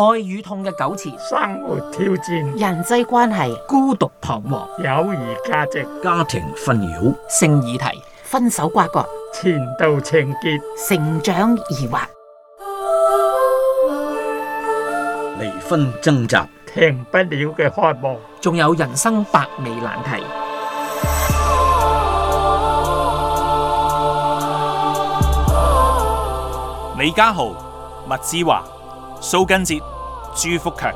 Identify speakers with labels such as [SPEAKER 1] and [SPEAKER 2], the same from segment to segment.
[SPEAKER 1] 愛與痛嘅糾纏，生活挑戰，人際關係，孤獨彷徨，友誼價值，家庭紛擾，性議題，分手瓜葛，
[SPEAKER 2] 前度情結，成長疑惑，
[SPEAKER 3] 離婚掙扎，停不了嘅
[SPEAKER 2] 渴望，仲有人
[SPEAKER 1] 生百味難題。李家豪，麥子華。
[SPEAKER 3] 蘇根哲、朱福強，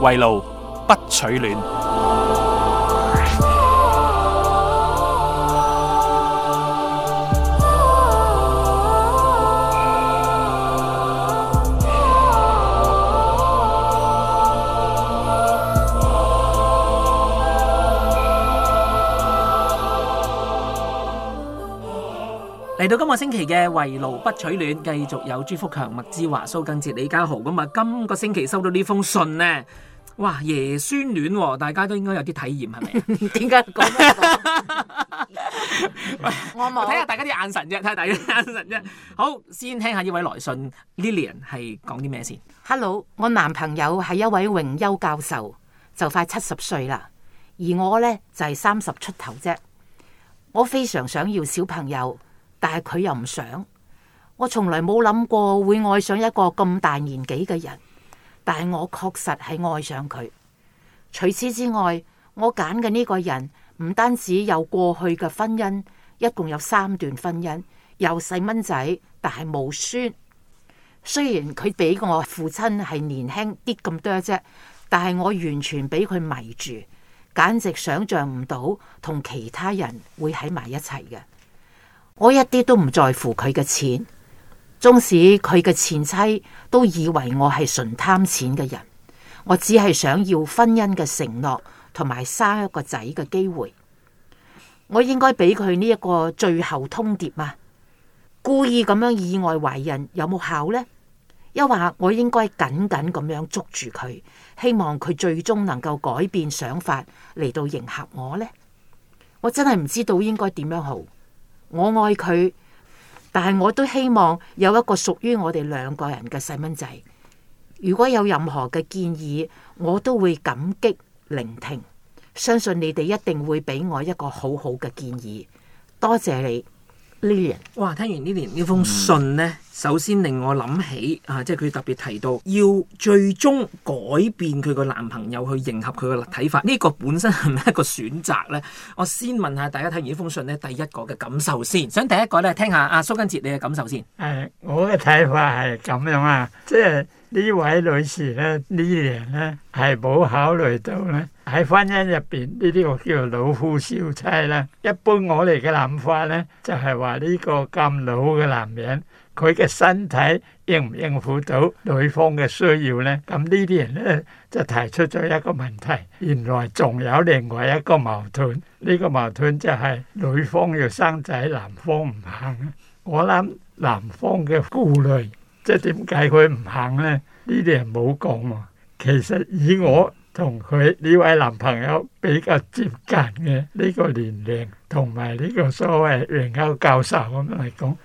[SPEAKER 3] 圍爐不取暖。
[SPEAKER 1] 到今個星期嘅圍爐不取暖，繼續有朱福強、麥志華、蘇根哲、李家豪咁啊！今個星期收到呢封信咧，哇，爺孫戀，大家都應該有啲體驗，係咪？點解講咩？我冇睇下大家啲眼神啫，睇下大家啲眼神啫。好，先聽下呢位來信 Lilian 係講啲咩先。Hello，我男朋友係
[SPEAKER 4] 一位榮休教授，就快七十歲啦，而我咧就係三十出頭啫。我非常想要小朋友。但係佢又唔想。我從來冇諗過會愛上一個咁大年紀嘅人。但係我確實係愛上佢。除此之外，我揀嘅呢個人唔單止有過去嘅婚姻，一共有三段婚姻，有細蚊仔，但係冇孫。雖然佢比我父親係年輕啲咁多啫，但係我完全俾佢迷住，簡直想象唔到同其他人會喺埋一齊嘅。我一啲都唔在乎佢嘅錢，縱使佢嘅前妻都以為我係純貪錢嘅人，我只係想要婚姻嘅承諾同埋生一個仔嘅機會。我應該俾佢呢一個最後通牒啊，故意咁樣意外懷孕有冇效咧？又或我應該緊緊咁樣捉住佢，希望佢最終能夠改變想法嚟到迎合我咧？我真係唔知道應該點樣好。我愛佢，但係我都希望有一個屬於我哋兩個人嘅細蚊仔。如果有任何嘅建議，我都會感激聆聽。相信你哋一定會俾我一個
[SPEAKER 1] 好好嘅建議。多謝你。Lily，哇！聽完 Lily 呢封信呢，嗯、首先令我諗起啊，即係佢特別提到要最終改變佢個男朋友去迎合佢個睇法，呢、呢個本身係咪一個選擇呢？我先問下大家睇完呢封信呢，第一個嘅感受先。想第一個呢，聽下阿、啊、蘇根哲你嘅感受先。
[SPEAKER 2] 誒，我嘅睇法係咁樣啊，即係。呢位女士咧，年呢啲人咧係冇考慮到咧，喺婚姻入邊呢啲我叫老夫少妻啦。一般我哋嘅諗法咧，就係話呢個咁老嘅男人，佢嘅身體應唔應付到女方嘅需要咧？咁呢啲人咧就提出咗一個問題，原來仲有另外一個矛盾。呢、呢個矛盾就係女方要生仔，男方唔肯。我諗男方嘅顧慮。即係點解佢唔肯咧？呢啲人唔好講喎。其實以我同佢呢位男朋友比較接近嘅呢個年齡同埋呢個所謂榮休教授噉樣嚟講。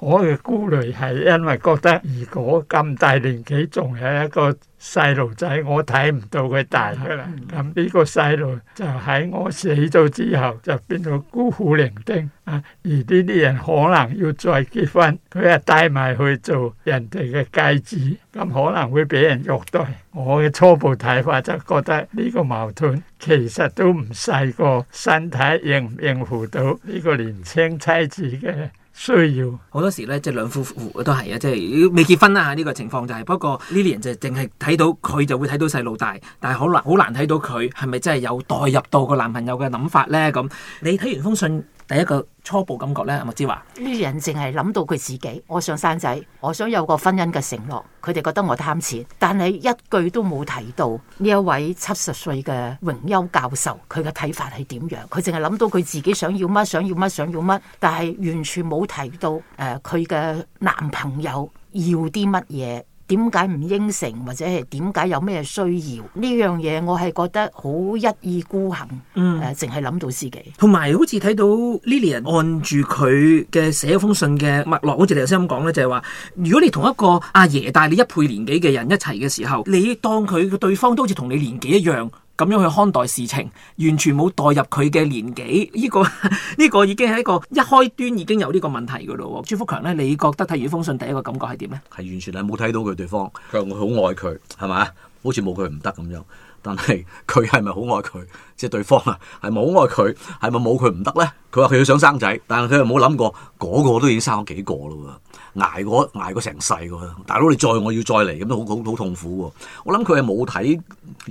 [SPEAKER 2] 我嘅顧慮係因為覺得，如果咁大年紀仲有一個細路仔，我睇唔到佢大㗎喇。咁呢個細路就喺我死咗之後，就變到孤苦伶仃啊！而呢啲人可能要再結婚，佢啊帶埋去做人哋嘅繼子，咁可能會俾人虐待。我嘅初步睇法就覺得呢個矛盾其實都唔細個，身體應唔應付到呢個年輕妻子嘅？需要好多時咧，即係兩夫
[SPEAKER 1] 婦都係啊，即係未結婚啦吓呢個情況就係、是。不過呢啲人就淨係睇到佢就會睇到細路大，但係好難好難睇到佢係咪真係有代入到個男朋友嘅諗法咧？咁你睇完封信。第一個初步感覺咧，阿莫之話莫之華呢人，淨係諗到佢自己，我
[SPEAKER 4] 想生仔，我想有個婚姻嘅承諾。佢哋覺得我貪錢，但係一句都冇提到呢一位七十歲嘅榮休教授佢嘅睇法係點樣？佢淨係諗到佢自己想要乜，想要乜，想要乜，但係完全冇提到誒佢嘅男朋友要啲乜嘢。點解唔應承，或者係點解有咩需要呢樣嘢？我係覺得好一意孤行，誒、嗯，淨係諗到自己。
[SPEAKER 1] 同埋好似睇到 Lilian 按住佢嘅寫封信嘅脈絡，好似有聲咁講呢，就係、是、話：如果你同一個阿爺，大你一倍年紀嘅人一齊嘅時候，你當佢嘅對方都好似同你年紀一樣。咁樣去看待事情，完全冇代入佢嘅年紀，呢、這個呢、這個已經係一個一開端已經有呢個問題噶咯。朱福強咧，你覺得睇完封信第一個感覺係點咧？
[SPEAKER 3] 係完全係冇睇到佢對方，佢好愛佢係咪？好似冇佢唔得咁樣。但係佢係咪好愛佢？即係對方啊，係咪好愛佢，係咪冇佢唔得咧？佢話佢要想生仔，但係佢又冇諗過嗰個都已經生咗幾個咯，挨過挨過成世噶。大佬你再我要再嚟咁都好好痛苦喎。我諗佢係冇睇，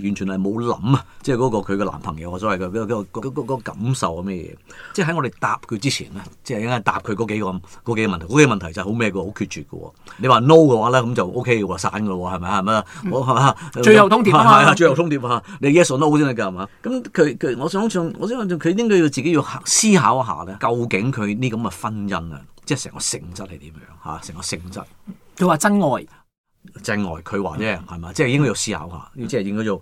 [SPEAKER 3] 完全係冇諗啊！即係嗰個佢嘅男朋友所謂嘅嗰個感受啊咩嘢？即係喺我哋答佢之前咧，即係應該答佢嗰幾個嗰幾個問題，嗰幾個問題就係好咩嘅，好決絕嘅。你 no 話 no 嘅話咧，咁就 ok 散噶啦，係咪啊？係咪最後通牒啊！係 最後通牒。你 yes or no 先啦，噶係嘛？咁佢佢，我想唱，我想問佢，佢應該要自己要思考一下咧，究竟佢呢咁嘅婚姻啊，即係成個性質係點樣嚇？成個性質，佢話真愛，真愛佢話啫，係嘛？即係應該要思考下，嗯、即係應該做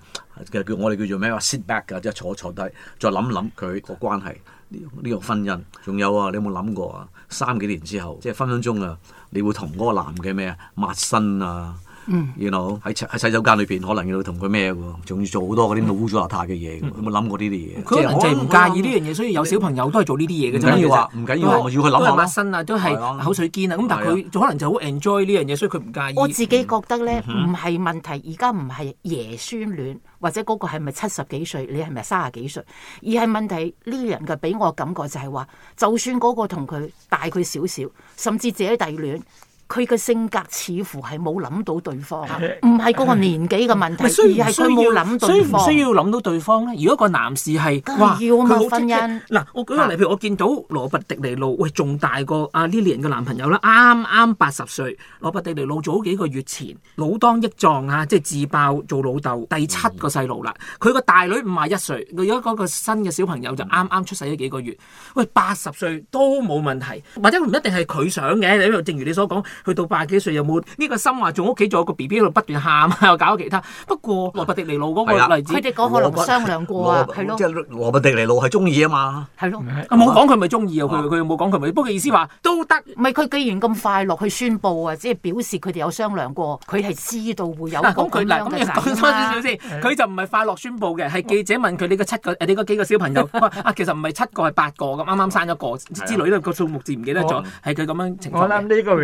[SPEAKER 3] 嘅叫我哋叫做咩話 sit back 啊，即係坐坐低，再諗諗佢個關係呢呢個婚姻。仲有啊，你有冇諗過啊？三幾年之後，即係分分鐘啊，你會同嗰個男嘅咩啊，抹身啊？嗯，你 know 喺喺洗手間裏邊，可能要同佢咩嘅，仲要做好多啲污糟邋遢嘅嘢，有冇諗過呢啲嘢？即係可能就唔介意呢樣嘢，所以有小朋友都係做呢啲嘢嘅啫。唔緊要啊，唔緊要，我要佢諗下啦。都係抹身
[SPEAKER 1] 啊，都係口水肩啊，咁但係佢可能就好 enjoy 呢樣嘢，所以佢唔介意。我自己覺得咧，唔係問題，而家唔係爺
[SPEAKER 4] 孫戀，或者嗰個係咪七十幾歲，你係咪三十幾歲，而係問題呢個人嘅，俾我感覺就係話，就算嗰個同佢大佢少少，甚至姐弟戀。佢嘅性格似乎係冇諗到對方，唔係嗰個年紀嘅問題，而係佢冇諗對方。需唔需要諗
[SPEAKER 1] 到對方咧？如果個男士係，佢好婚姻。嗱，我舉個例，譬如我見到羅拔迪尼路，喂，仲大過阿 Lilian 嘅男朋友啦，啱啱八十歲。羅拔迪尼路早幾個月前老當益壯啊，即係自爆做老豆第七個細路啦。佢個大女五十一歲，佢而家嗰個新嘅小朋友就啱啱出世咗幾個月，喂，八十歲都冇問題。或者唔一定係佢想嘅，因為正如你所講。去到八幾歲有冇呢個心話？仲屋企仲有個 B B 喺度不斷喊，又搞其他。不過羅伯迪尼路嗰個例子，佢哋嗰個可能冇商量過啊，即係
[SPEAKER 3] 羅伯迪尼路係中意啊嘛。
[SPEAKER 1] 係咯，冇講佢咪中意佢，佢冇講佢咪。不過意思話
[SPEAKER 4] 都得。唔係佢既然咁快樂去宣佈啊，只係表示佢哋有商量過，佢係知道會有咁佢嘅紮啦。咁又講多少少
[SPEAKER 1] 先，佢就唔係快樂宣佈嘅，係記者問佢你個七個誒，你嗰幾個小朋友啊，其實唔係七個係八個咁，啱啱生咗個之類啦，個數目字唔記得咗，係佢咁樣情
[SPEAKER 2] 況。我呢個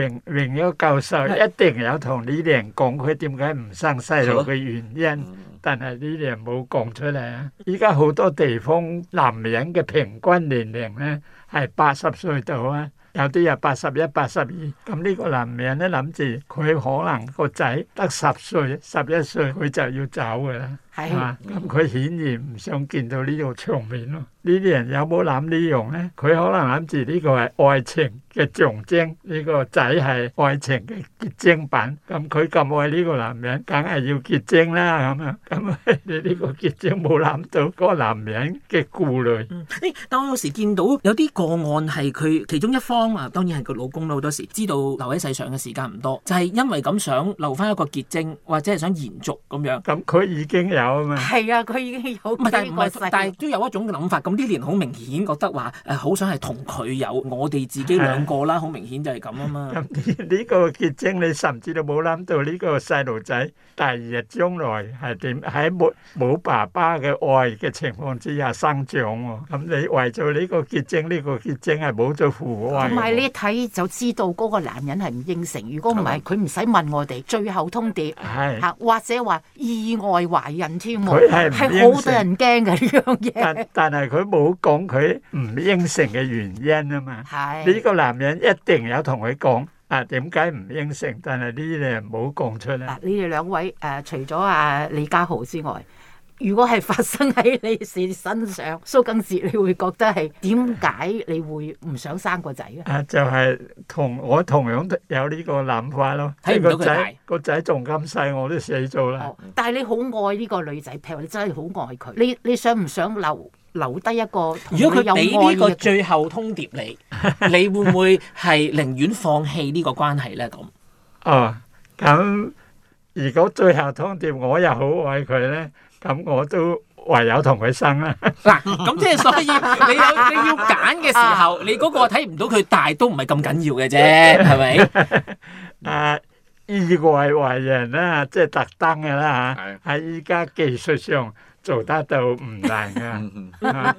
[SPEAKER 2] 另一個教授一定有同 Lilian 講佢點解唔生細路嘅原因，但係 Lilian 冇講出嚟。依家好多地方男人嘅平均年齡咧係八十歲到啊，有啲又八十一、八十二。咁呢個男人咧諗住佢可能個仔得十歲、十一歲，佢就要走噶啦。係咁佢顯然唔想見到呢個場面咯，啊。呢啲人有冇諗呢樣咧？佢可能諗住呢個係愛情嘅象徵，呢、呢個仔係愛情嘅結晶品。咁佢咁愛呢個男人，梗係要結晶啦咁樣。咁你呢個結晶冇諗到嗰個男人嘅顧慮。誒，
[SPEAKER 1] 但我有時見到有啲個案係佢其中一方啊，當然係佢老公。好多時知道留喺世上嘅時間唔多，就係、係、因為咁想留返一個結晶，或者係想延續咁樣。咁佢、嗯、已經。係 啊，佢已經有、這個，但係唔係？但係都有一種嘅諗法。咁呢年好明顯覺得
[SPEAKER 2] 話誒，好想係同佢有我哋自己兩個啦，好的明顯就係咁啊嘛。咁呢個結晶，你甚至都冇諗到呢、這個細路仔第二日將來係點？喺沒冇爸爸嘅愛嘅情況之下生長喎。咁、嗯、你為咗呢個結晶，呢、這個結晶係冇咗父愛。唔係你一
[SPEAKER 4] 睇就知道嗰個男人係唔應承。如果唔係，佢唔使問我哋，最後通牒嚇，的或者話意外懷孕。佢係係好得人驚嘅呢
[SPEAKER 2] 樣嘢，但但係佢冇講佢唔應承嘅原因啊嘛。係呢 是個男人一定有同佢講啊，點解唔應承？但係呢啲你唔好講出咧。嗱、啊，你哋兩位誒、啊，除咗阿、啊、李家豪
[SPEAKER 4] 之外。如果係發生喺你事身上，蘇根治，你會覺得係點解你會唔想生個仔咧？啊，
[SPEAKER 2] 就係同我同樣有呢個諗法咯，即係個仔個仔仲咁細，我都死咗啦、哦。
[SPEAKER 4] 但係你好愛呢個女仔，譬如你真係好愛佢，你你想唔想留留低一個、這個？如果佢有呢
[SPEAKER 1] 個，最後通牒你， 你會唔會係寧願放棄呢個關係咧？咁啊、
[SPEAKER 2] 哦，咁如果最後通牒我，我又好愛佢咧。咁我都唯有同佢生啦。嗱、啊，
[SPEAKER 1] 咁即係所以你 你，你有你要揀嘅時候，啊、
[SPEAKER 2] 你嗰個睇唔到佢 大都唔係咁緊要嘅啫，係咪 吧？啊，意外懷孕啦，即、就、係、是、特登嘅啦吓。喺依家技術上。做得到唔難 啊！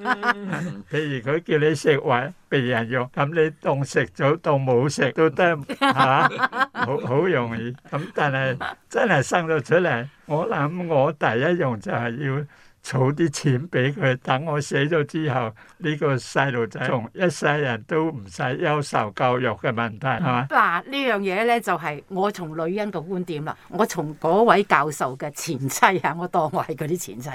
[SPEAKER 2] 譬如佢叫你食位避孕藥，咁你當食咗當冇食都得，係嘛？ 好好容易。咁、嗯、但係真係生咗出嚟，我諗我第一用就係要。儲啲錢俾佢，等我死咗之後，呢、這個細路仔同一世人，都唔使憂愁教育嘅問題，係嘛、
[SPEAKER 4] 嗯？嗱吧，啊、呢樣嘢咧就係、是、我從女人嘅觀點啦，我從嗰位教授嘅前妻啊，我當我係啲前妻，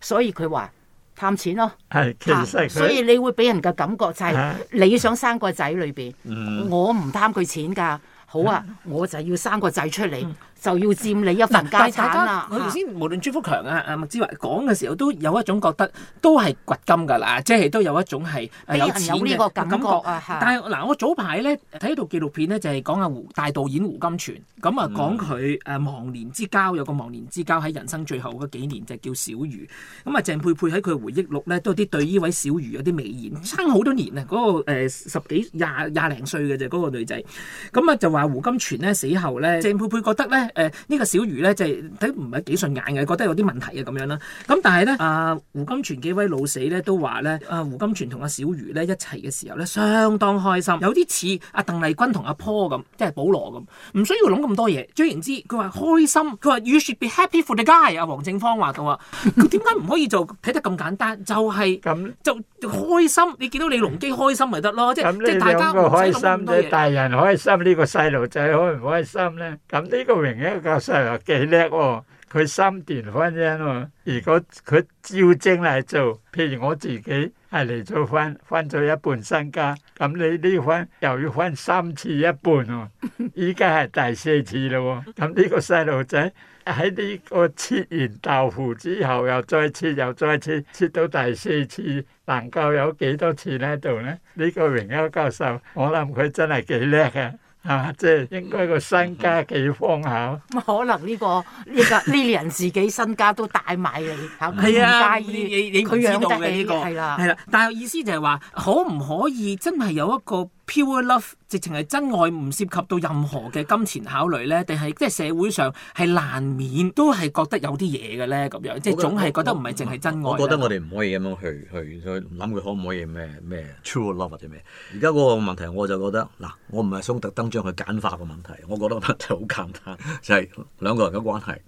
[SPEAKER 4] 所以佢話貪錢咯，
[SPEAKER 2] 係、啊，所以
[SPEAKER 4] 你會俾人嘅感覺就係、是，啊、你想生個仔裏邊，嗯、我唔貪佢錢噶，好啊，嗯、
[SPEAKER 1] 我就要生個仔出嚟。嗯就要佔你一份家產啦。是我頭先無論朱福強啊、阿、啊、麥之華講嘅時候，都有一種覺得都係掘金㗎啦，即、就、係、是、都有一種係有錢嘅感覺啊。覺但係嗱是，我早排咧睇到紀錄片咧，就係講阿胡大導演胡金銓咁啊，嗯、講佢誒忘年之交有個忘年之交喺人生最後嗰幾年就叫小瑜。咁啊、嗯，鄭佩佩喺佢回憶錄咧，都有啲對呢位小瑜有啲美言。爭好多年啊，嗰、那個十幾廿廿零歲嘅啫，嗰個女仔。咁啊就話胡金銓咧死後咧，鄭佩佩覺得咧。誒呢、呃這個小魚咧，就係睇唔係幾順眼嘅，覺得有啲問題嘅咁樣啦。咁但係咧，阿、啊、胡金泉幾位老死咧都話咧，阿、啊、胡金泉同阿小魚咧一齊嘅時候咧，相當開心，有啲似阿鄧麗君同阿 Paul 咁，即係保羅咁，唔需要諗咁多嘢。再言之，佢話開心，佢話 you should be happy for the guy。阿王正芳話佢話，點解唔可以做睇得咁簡單？就係、是、咁， 就開心。你見到李龍基開心咪得咯？ 即係即係大家開心，你大
[SPEAKER 2] 人開心，呢、這個細路仔開唔開心咧？咁呢個榮榮休教授又幾叻喎，佢、哦、三段婚姻喎。如果佢照正嚟做，譬如我自己係離咗婚，分咗一半身家，咁你呢婚又要分三次一半喎、哦，依家係第四次啦喎、哦。咁呢個細路仔喺呢個切完豆腐之後，又再切又再切，切到第四次，能夠有幾多次喺度咧？呢、這個榮休教授，我諗佢真係幾叻啊！啊！即係應該個身家幾豐下？咁、
[SPEAKER 4] 嗯、可能呢、呢個呢、呢個呢啲 人自己身家都帶埋嘅，嚇，啊，唔介意。啊、介意你你你唔知道嘅呢、呢個係啦，係啦、呢個啊。
[SPEAKER 2] 但係意思就係話，
[SPEAKER 1] 可唔可以真係有一個？Pure love 直情係真愛，唔涉及到任何嘅金錢考慮咧，定係即係社會上係難免都係覺得有啲嘢嘅咧，咁樣即係總係覺得唔係淨係真愛我。我覺得我哋
[SPEAKER 3] 唔可以咁樣去去去諗佢可唔可以咩咩 true love 或者咩？而家嗰個問題我就覺得嗱，我唔係想特登將佢簡化個問題，我覺得個問題好簡單，就係、是、兩個人嘅關係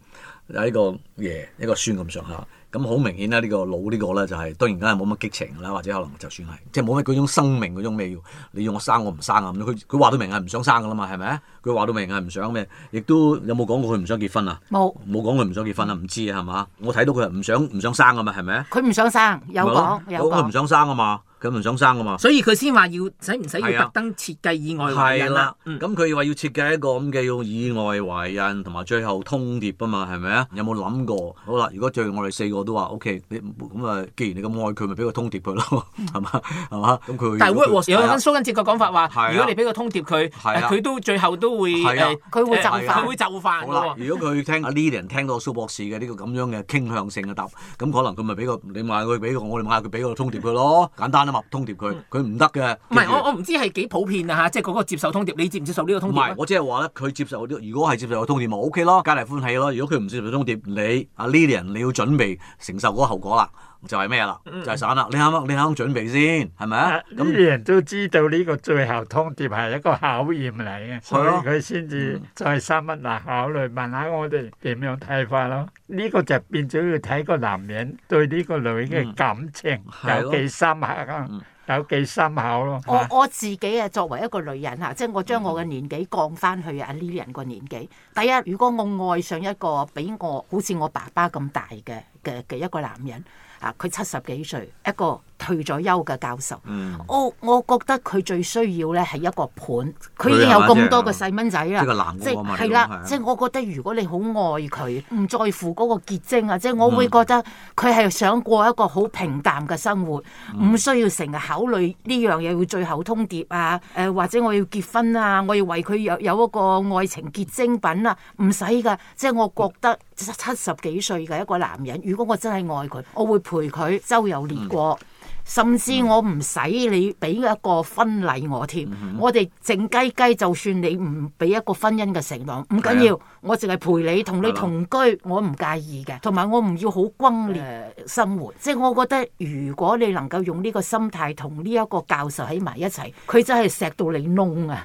[SPEAKER 3] 有一個爺一個孫咁上下。咁好明顯啦，呢個老呢個咧就係當然梗係冇乜激情啦，或者可能就算係即係冇乜嗰種生命嗰種咩要你要我生我唔生啊咁，佢佢話到明係唔想生噶啦嘛，係咪？佢話到明係唔想咩，亦都有冇講過佢唔想結婚啊？冇冇講佢唔想結婚啊？唔知啊，係嘛？我睇到佢係唔想唔想生啊嘛，係咪？佢唔想生，有講有佢唔想生啊嘛。佢唔想生啊嘛，所以佢
[SPEAKER 1] 先話要使唔使要特登設計意外懷孕啦？
[SPEAKER 3] 咁佢話要設計一個咁嘅要意外懷孕，同埋最後通牒啊嘛，係咪啊？有冇諗過？好啦，如果最後我哋四個都話 OK，你咁啊，既然你咁愛佢，咪俾個通牒佢咯，係嘛，係嘛？咁佢但係 Wood 有跟蘇
[SPEAKER 1] 根哲個講法話，如果你俾
[SPEAKER 3] 個通牒佢，佢都最後都會，佢會就範，佢會
[SPEAKER 1] 就範嘅。好啦，如
[SPEAKER 3] 果佢聽阿 Lilian 聽到蘇博士嘅呢個咁樣嘅傾向性嘅答，咁可能佢咪俾個，你嗌佢俾個，我哋嗌佢俾個通牒佢咯，簡單。通牒佢，佢唔得嘅。唔係是著我，我唔知係幾普遍啊嚇，即係嗰個接受通牒，你接唔接受呢個通牒？唔係，我即係話咧，佢接受呢個，如果係接受通牒，咪 O K 咯，皆大歡喜咯。如果佢唔接受通牒，你阿 Lilian，你要準備承受嗰個後果啦。就係咩啦？就係、是、散啦！你啱啱你啱啱準備先，係咪啊？咁啲樣人都知道呢個最後通牒係一個考驗嚟嘅，啊、所以佢先
[SPEAKER 2] 至再三不拿考慮，啊嗯、問下我哋點樣睇法咯。呢、這個就變咗要睇個男人對呢個女人嘅感情有幾深刻、啊，啊、有幾深厚咯、啊。啊、我我
[SPEAKER 4] 自己啊，作為一個女人吓，即係我將我嘅年紀降翻去阿 Lilian 個年紀。第一，如果我愛上一個比我好似我爸爸咁大嘅嘅嘅一個男人。佢七十幾歲一個，退咗休嘅教授，嗯、我我覺得佢最需要咧係一個伴，佢已經有咁多小小姐姐個細蚊仔啦，即係係啦，即係是我覺得如果你好愛佢，唔 在乎嗰個結晶啊，即係我會覺得佢係想過一個好平淡嘅生活，唔、嗯、需要成日考慮呢樣嘢要最後通牒啊，誒、呃、或者我要結婚啊，我要為佢有有一個愛情結晶品啊，唔使噶，即係我覺得七,七十幾歲嘅一個男人，如果我真係愛佢，我會陪佢周遊列國。嗯甚至我唔使你俾一個婚禮我添、嗯，我哋靜雞雞，就算你唔俾一個婚姻嘅承諾，唔緊要，我淨係陪你同你同居，right. 我唔介意嘅。同埋我唔要好轟烈生活，即係、uh, 我覺得，如果你能夠用呢個心態同呢一個教授喺埋一齊，佢真係錫到你燶啊！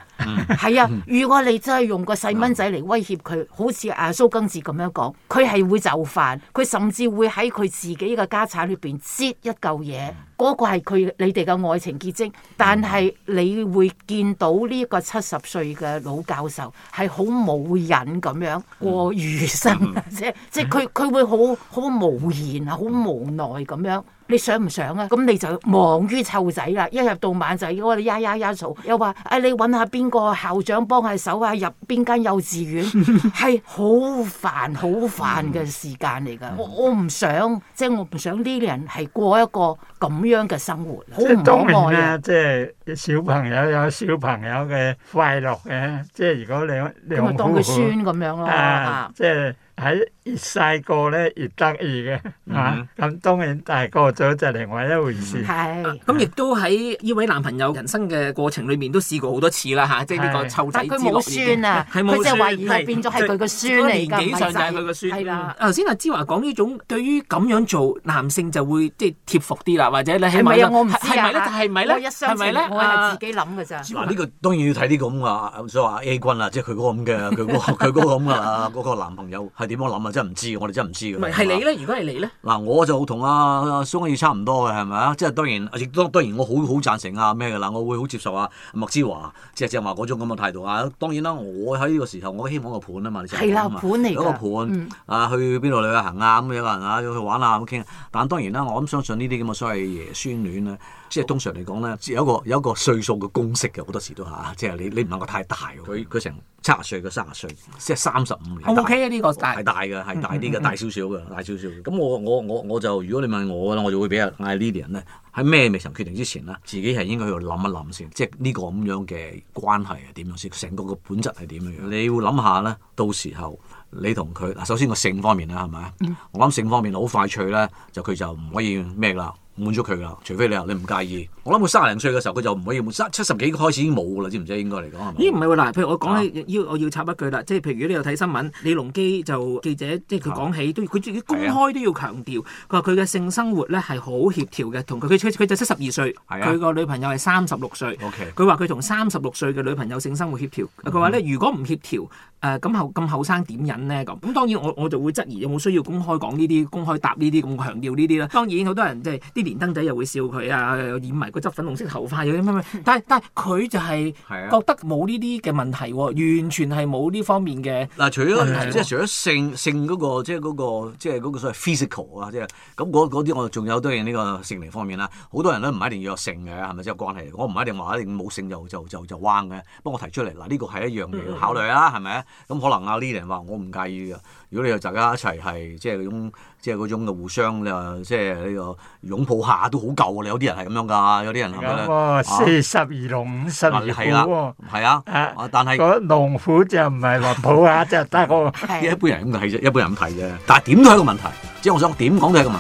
[SPEAKER 4] 係、嗯、啊，如果你真係用個細蚊仔嚟威脅佢，哦、好似阿蘇根治咁樣講，佢係會就範，佢甚至會喺佢自己嘅家產裏邊擠一嚿嘢。不過係佢你哋嘅愛情結晶，但係你會見到呢一個七十歲嘅老教授係好冇癮咁樣過餘生，嗯、即係即佢佢會好好無言啊，好無奈咁樣。你想唔想啊？咁你就忙於湊仔啦，一日到晚就我哋呀呀呀嘈，又話哎你揾下邊個校長幫下手啊，入邊間幼稚園係好煩好煩嘅時間嚟噶。我唔想，即係我唔想呢啲人係過一個咁樣嘅生活，好唔愛啊！
[SPEAKER 2] 即係小朋友有小朋友嘅快樂嘅，即係如果你你當佢孫咁樣咯，即係喺。就是越細個咧越得意嘅吓，咁當然大個咗就另外一回事。係，
[SPEAKER 1] 咁亦都喺呢位男朋友人生嘅過程裏面都試過好多次啦吓，即係呢個湊仔之樂已經。但佢冇孫啊，佢就懷疑變咗係佢個孫嚟噶，年紀上就係佢個孫。係啦，頭先阿芝華講呢種，對於咁樣做男性就會即係貼服啲啦，或者你係咪啦？我唔知，係咪咧？係咪咧？
[SPEAKER 4] 係咪咧？我係自
[SPEAKER 3] 己諗噶咋。芝華呢個當然要睇啲咁啊，所以話 A 君啊，即係佢嗰個咁嘅，佢嗰佢嗰個咁噶啦，嗰個男朋友係點樣諗啊？真係唔知，我哋真係唔知嘅。唔係是吧你咧？如果係你咧？嗱，我就好同阿蘇家耀差唔多嘅，係咪啊？即係當然，亦都當然我，我好好贊成啊咩嘅啦。我會好接受啊麥之華，即係話嗰種咁嘅態度啊。當然啦，我喺呢個時候，我希望個伴啊嘛，係啦的，伴嚟嘅個伴啊，去邊度旅行啊？咁有人啊，去玩啊咁傾，啊。但係當然啦，我都相信呢啲咁嘅所謂爺孫戀啊。即係通常嚟講咧，有一個有一個歲數嘅公式嘅，好多時都嚇，即係你你唔能夠太大佢佢、嗯、成七十歲佢三十歲，即係三十五年。O K 啊，呢個係大嘅，係大啲嘅、嗯，大少少嘅，大少少。咁我我我我就如果你問我啦，我就會比較嗌 Lilian 咧，喺咩未曾決定之前啦，自己係應該喺度諗一諗先。即係呢個咁樣嘅關係係點樣先？成個嘅本質係點樣樣？你要諗下咧，到時候你同佢嗱，首先個性方面啦，係咪、嗯、我諗性方面好快脆咧，就佢就唔可以咩啦。滿足佢㗎，除非你話，你唔介意。我諗佢卅零歲嘅時候，佢就唔可以滿七十幾開始已經冇噶啦，知唔知啊？應該嚟講係咪？
[SPEAKER 1] 咦唔係喎，嗱，譬如我講起要、啊、我要插一句啦，即係譬如如果你有睇新聞，李龍基就記者即係佢講起都，佢、啊、自己公開都要強調，佢話佢嘅性生活咧係好協調嘅，同佢佢就七十二歲，佢個、啊、女朋友係三十六歲。佢話佢同三十六歲嘅女朋友性生活協調。佢話咧，如果唔協調，誒、呃、咁後咁後生點忍呢？咁咁當然我我就會質疑有冇需要公開講呢啲，公開答呢啲咁強調呢啲咧。當然好多人即、就、係、是燈仔又會笑佢啊，染埋個執粉紅色頭髮有啲乜乜。但係但係佢就係覺得冇呢啲嘅問題喎，完全係冇呢方面嘅。嗱，的的除咗即係除咗
[SPEAKER 3] 性性嗰個，即係嗰個即係嗰個所謂 physical 啊，即係咁嗰啲我仲有都係呢個性靈方面啦。好多人都唔一定要有性嘅，係咪即有關係？我唔一定話一定冇性就就就就彎嘅。不過我提出嚟嗱，呢個係一樣嘢要考慮啦，係咪啊？咁可能阿 Lilian 話我唔介意嘅。如果你又大家一齊係，即係嗰種，即係種就互相，你即係呢個擁抱下都好夠啊！你有啲人係咁樣噶，有啲人係咪咧？是是四十
[SPEAKER 2] 二同五、啊、十二係啦、啊，
[SPEAKER 3] 係啊，啊，啊。但係嗰
[SPEAKER 2] 農夫就唔係話抱一下就得、 那個 一
[SPEAKER 3] 般人。一般人咁睇啫，一般人咁睇啫。但係點都係一個問題，即係我想點講都係一個問題。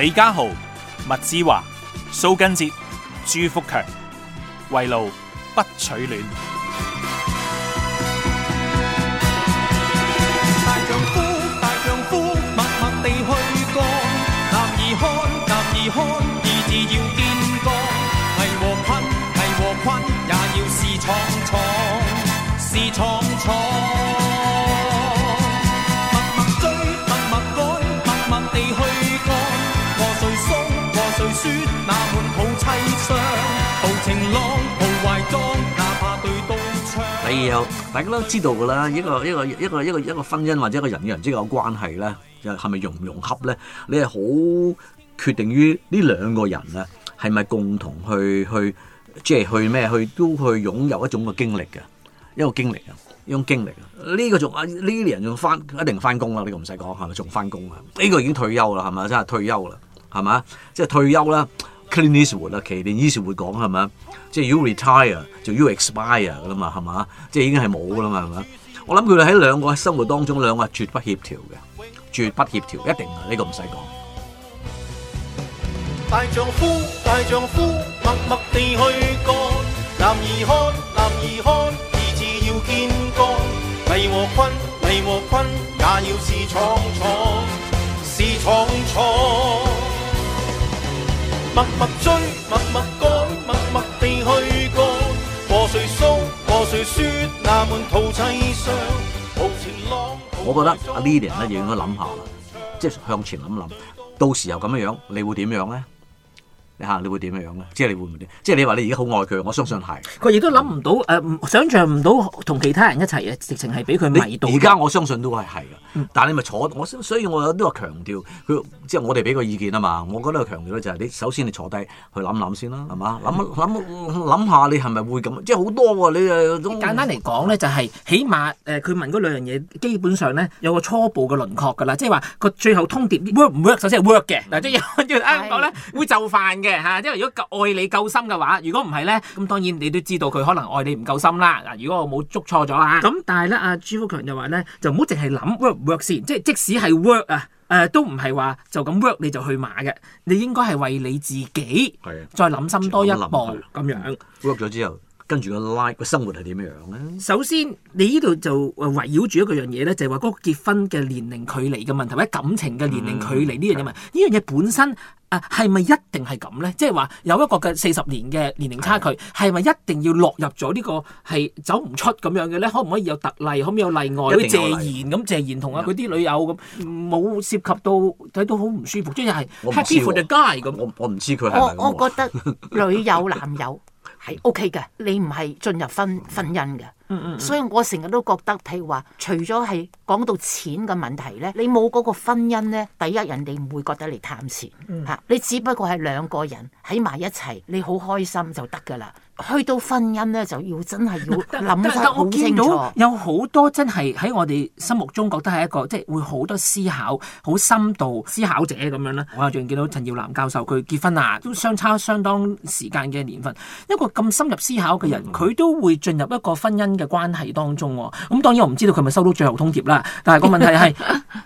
[SPEAKER 3] 李家豪、麥之華、
[SPEAKER 1] 蘇根哲、朱福強，圍爐不取暖。闖闖
[SPEAKER 3] 是闖闖，默默追，默默改，默默地去幹，和誰訴，和誰說，那滿抱淒傷。豪情浪，豪懷裝，哪怕對刀槍。你又大家都知道噶啦，一個一個一個一個一個婚姻或者一個人與人之間嘅關係咧，就係咪融唔融合咧？你係好決定於呢兩個人咧，係咪共同去去。即係去咩去都去擁有一種嘅經歷嘅，一個經歷啊，一種經歷啊。呢個仲啊，Lilian 仲翻一定翻工啦，呢個唔使講係咪仲翻工啊？呢個已經退休啦，係咪真係退休啦？係咪啊？即係退休啦。Clint Eastwood 啊，Clint Eastwood 會講係咪即係 you retire 就 you expire 㗎啦嘛，係嘛？即係已經係冇㗎啦嘛，係咪？我諗佢哋喺兩個生活當中兩個絕不協調嘅，絕不協調，一定呢個唔使講。大丈夫，大丈夫。
[SPEAKER 2] 默默地去幹，男兒漢，男兒漢，意志要堅剛。迷和困，迷和困，也要是闖闖，是闖闖。默
[SPEAKER 1] 默追，默默幹，默默地去幹。和誰訴，和誰
[SPEAKER 3] 說，那滿途淒傷。我覺得阿 Lilian 一樣應該諗下啦，即係向前諗諗，到時候咁樣樣，你會點樣呢？嚇，你會點樣咧？即、就、係、是、你會唔會啲？即係你話你而家好愛佢，我相信係。佢亦都諗唔到，誒、呃，想像
[SPEAKER 1] 唔到同其他人一齊嘅，直情係俾佢迷到。而家
[SPEAKER 3] 我相信都係係嘅，嗯、但係你咪坐，我所以我都有強調，佢即係我哋俾個意見啊嘛。我覺得個強調咧就係你首先你坐低去諗諗先啦，係嘛？諗諗諗下你係咪會咁？即係好多喎、啊，你誒。
[SPEAKER 1] 簡單嚟講咧，就係、是、起碼誒，佢、呃、問嗰兩樣嘢，基本上咧有個初步嘅輪廓㗎啦。即係話佢最後通牒 work 唔 work？首先係 work 嘅，嗱、嗯，即係有啲人啱講咧會就範嘅。吓，因為如果愛你夠深嘅話，如果唔係咧，咁當然你都知道佢可能愛你唔夠深啦。嗱，如果我冇捉錯咗啊，咁但係咧，阿朱福強就話咧，就唔好淨係諗 work 唔 work 先，即係即使係 work 啊，誒、呃、都唔係話就咁 work 你就去馬嘅，你應該係為你自己，係啊，再諗深多一步咁樣、嗯、work 咗之後。跟住個 life 個生活係點樣咧？首先，你呢度就圍繞住一個樣嘢咧，就係話嗰個結婚嘅年齡距離嘅問題，或者感情嘅年齡距離呢樣嘢問題。呢樣嘢本身啊，係咪一定係咁咧？即係話有一個嘅四十年嘅年齡差距，係咪一定要落入咗呢個係走唔出咁樣嘅咧？可唔可以有特例？可唔可以有例外？有啲謝賢咁謝賢同啊嗰啲女友咁冇涉及到睇到好唔舒服，即係又係
[SPEAKER 4] 劈破條
[SPEAKER 3] 街咁。我我唔知佢係咪我我覺得
[SPEAKER 4] 女友男友。係 O K 嘅，你唔係進入婚婚姻嘅。嗯嗯嗯，所以我成日都覺得，譬如話，除咗係講到錢嘅問題咧，你冇嗰個婚姻咧，第一人哋唔會覺得你貪錢吓、嗯啊，你只不過係兩個人喺埋一齊，你好開心就得噶啦去到婚姻咧，就要真係要諗，但，但，但我見到
[SPEAKER 1] 有好多真係喺我哋心目中覺得係一個即係、就是、會好多思考、好深度思考者咁樣啦。我仲見到陳耀南教授佢結婚啊，都相差相當時間嘅年份。一個咁深入思考嘅人，佢都會進入一個婚姻嘅關係當中。咁、嗯、當然我唔知道佢咪收到最後通牒啦。但係個問題係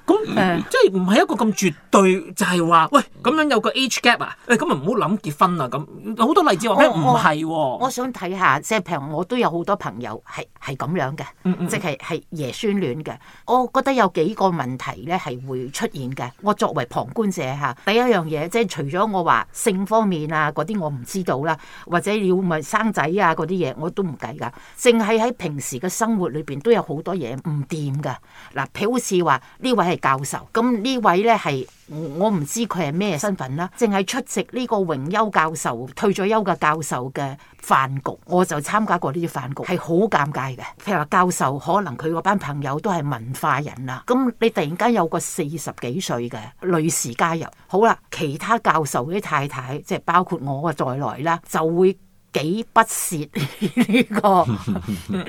[SPEAKER 1] 咁，誒，即係唔係一個咁絕對，就係、是、話喂，咁樣有個 age gap 啊、哎？誒，咁啊唔好諗結婚啊咁。好多例子話咩唔係
[SPEAKER 4] 喎？我想睇下，即係譬如我都有好多朋友係係咁樣嘅，嗯嗯嗯即係係爺孫戀嘅。我覺得有幾個問題咧係會出現嘅。我作為旁觀者嚇，第一樣嘢即係除咗我話性方面啊嗰啲，我唔知道啦，或者要咪生仔啊嗰啲嘢我都唔計。噶淨係喺平時嘅生活裏邊都有好多嘢唔掂噶。嗱，譬如好似話呢位係教授，咁呢位咧係。我唔知佢係咩身份啦，淨係出席呢個榮休教授退咗休嘅教授嘅飯局，我就參加過呢啲飯局，係好尷尬嘅。譬如話教授可能佢嗰班朋友都係文化人啦，咁你突然間有個四十幾歲嘅女士加入，好啦，其他教授啲太太，即係包括我嘅，在內啦，就會幾不屑呢、呢個
[SPEAKER 1] 呢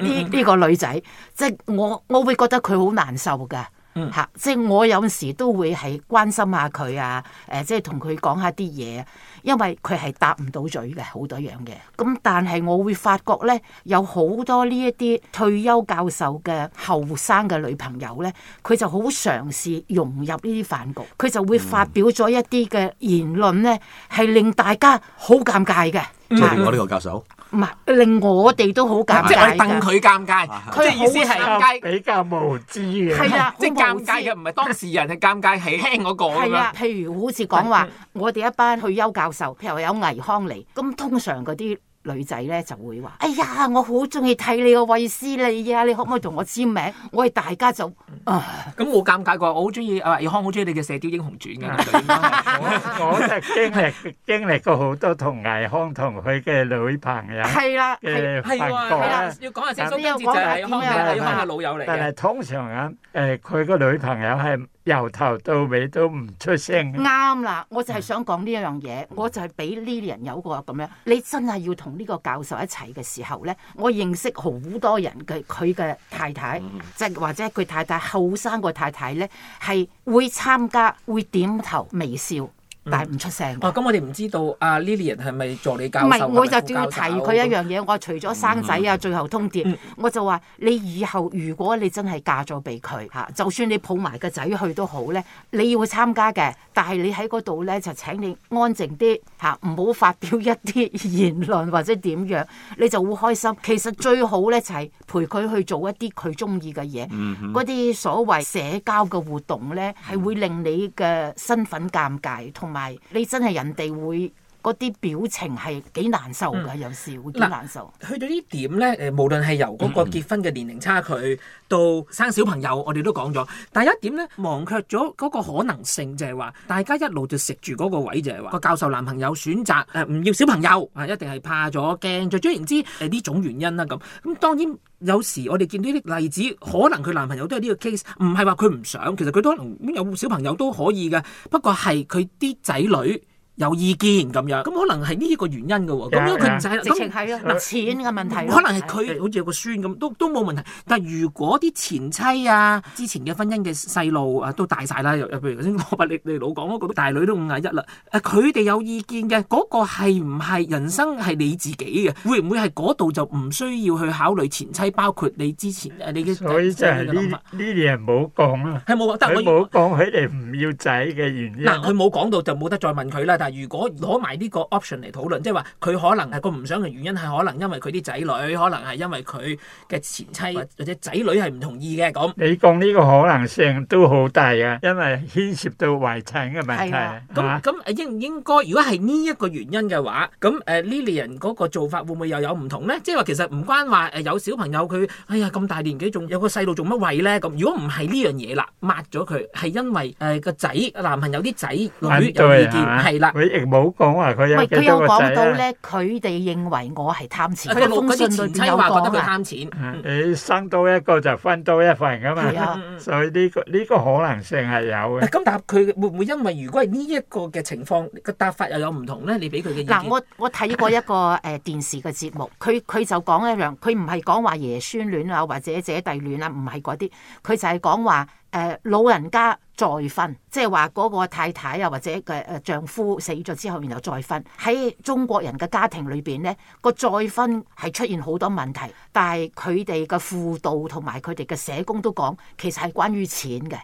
[SPEAKER 4] 呢、 呢個女仔，即係我我會覺得佢好難受噶。吓，嗯、即係我有時都會係關心下佢啊，誒、呃，即係同佢講下啲嘢，因為佢係搭唔到嘴嘅好多樣嘅。咁但係我會發覺咧，有好多呢一啲退休教授嘅後生嘅女朋友咧，佢就好嘗試融入呢啲飯局，佢就會發表咗一啲嘅言論咧，係令大家好尷尬嘅。即係我呢個教授，唔係、嗯、令我哋都好尷尬，啊、尬。我哋戥佢
[SPEAKER 1] 尷尬，佢意思係尷尬，比較無知嘅。係啊，即係尷尬啊，唔係當事人係尷尬，係輕嗰個啊。譬
[SPEAKER 4] 如好似講話，嗯、我哋一班退休教授，譬如有倪康嚟，咁通常嗰啲。女仔咧就會話：哎呀，我好中意睇你個衛斯利啊！你可唔可以同我簽名？我哋大家就
[SPEAKER 1] 咁，我、啊、尷、嗯、尬過。我好中意啊，阿
[SPEAKER 2] 康好中意你嘅《射雕英雄傳》嘅、 嗯。我我就經歷 經歷過好多同倪匡同佢嘅女朋友。係啦、啊，係啊,啊,啊,啊，要講
[SPEAKER 1] 下先說，蘇丹姐就係
[SPEAKER 4] 康係老友嚟但係
[SPEAKER 2] 通常啊，誒佢個女朋友係。由頭到尾都唔出聲。
[SPEAKER 4] 啱啦、嗯，我就係想講呢樣嘢，嗯、我就係俾呢啲人有個咁樣。你真係要同呢個教授一齊嘅時候咧，我認識好多人嘅，佢嘅太太，即係、嗯、或者佢太太後生個太太咧，係會參加，會點頭微笑。但係唔出聲。咁、哦、我哋唔知道阿、啊、Lilian
[SPEAKER 1] 係咪助理教授？唔係，我就只要提佢一樣
[SPEAKER 4] 嘢。都我除咗生仔啊，最後通牒，嗯、我就話你以後如果你真係嫁咗俾佢嚇，嗯、就算你抱埋個仔去都好咧，你要參加嘅。但係你喺嗰度咧，就請你安靜啲嚇，唔、啊、好發表一啲言論或者點樣，你就會開心。其實最好咧就係、是、陪佢去做一啲佢中意嘅嘢。嗰啲、嗯嗯、所謂社交嘅活動咧，係會令你嘅身份尷尬同埋。係你真係人哋會。嗰啲表
[SPEAKER 1] 情係幾難受嘅，嗯、有少好難受。去到呢點呢，誒，無論係由嗰個結婚嘅年齡差距，到生小朋友，我哋都講咗。但係一點呢，忘卻咗嗰個可能性，就係、是、話大家一路就食住嗰個位，就係話個教授男朋友選擇誒唔、呃、要小朋友啊，一定係怕咗驚，就總言之誒呢、呃、種原因啦咁。咁當然有時我哋見到呢啲例子，可能佢男朋友都係呢個 case，唔係話佢唔想，其實佢都可能有小朋友都可以嘅，不過係佢啲仔女。有意見咁樣，咁可能係呢一個原因嘅喎。咁樣佢就係直情係咯。嗱，錢嘅問題。可能係佢好似有個孫咁，都都冇問題。但係如果啲前妻啊，之前嘅婚姻嘅細路啊，都大曬啦。又又譬如頭先我唔理你老講咯，個大女都五十一啦。誒，佢哋有意見嘅，嗰個係唔係人生係你自己嘅？會唔會係嗰度就唔需要去考慮前妻，包括你之前誒你嘅？所以就係呢呢
[SPEAKER 2] 啲係冇講啦。係冇講，但係我冇講佢
[SPEAKER 1] 哋唔要仔嘅原因。嗱，佢冇講到就冇得再問佢啦，但係。如果攞埋呢個 option 嚟討論，即係話佢可能係個唔想嘅原因係可能因為佢啲仔女，可能係因為佢嘅前妻或者仔女係唔同意嘅。咁
[SPEAKER 2] 你講呢個可能性都好大啊，因為牽涉到遺產嘅問題。係啊，
[SPEAKER 1] 咁咁應唔應
[SPEAKER 2] 該？如果係呢一個原因嘅
[SPEAKER 1] 話，咁誒 Lilian 嗰個做法會唔會又有唔同咧？即係話其實唔關話誒有小朋友，佢哎呀咁大年紀仲有個細路做乜為咧咁？如果唔係呢樣嘢啦，抹咗佢係因為誒個仔男朋友啲仔
[SPEAKER 4] 女有意見係啦。佢亦
[SPEAKER 2] 冇講話，佢、啊、有幾多個仔咧？佢、啊、有講到咧，
[SPEAKER 4] 佢哋認為我係貪、啊、貪錢。佢封信裏邊有講
[SPEAKER 2] 啊！你生多一個就分多一份噶嘛，嗯、所以呢、呢個呢、呢個可能性係有嘅。
[SPEAKER 1] 咁、嗯、但係佢會唔會因為如果係呢一個嘅情況，個答法又有唔同咧？你俾佢嘅
[SPEAKER 4] 意見。嗱、嗯，我我睇過一個誒、呃、電視嘅節目，佢佢 就講一樣，佢唔係講話爺孫戀啊，或者姐弟戀啊，唔係嗰啲，佢就係講話，誒老人家再婚，即係話嗰個太太啊，或者嘅誒丈夫死咗之後，然後再婚，喺中國人嘅家庭裏邊咧，呢個再婚係出現好多問題。但係佢哋嘅輔導同埋佢哋嘅社工都講，其實係關於錢嘅。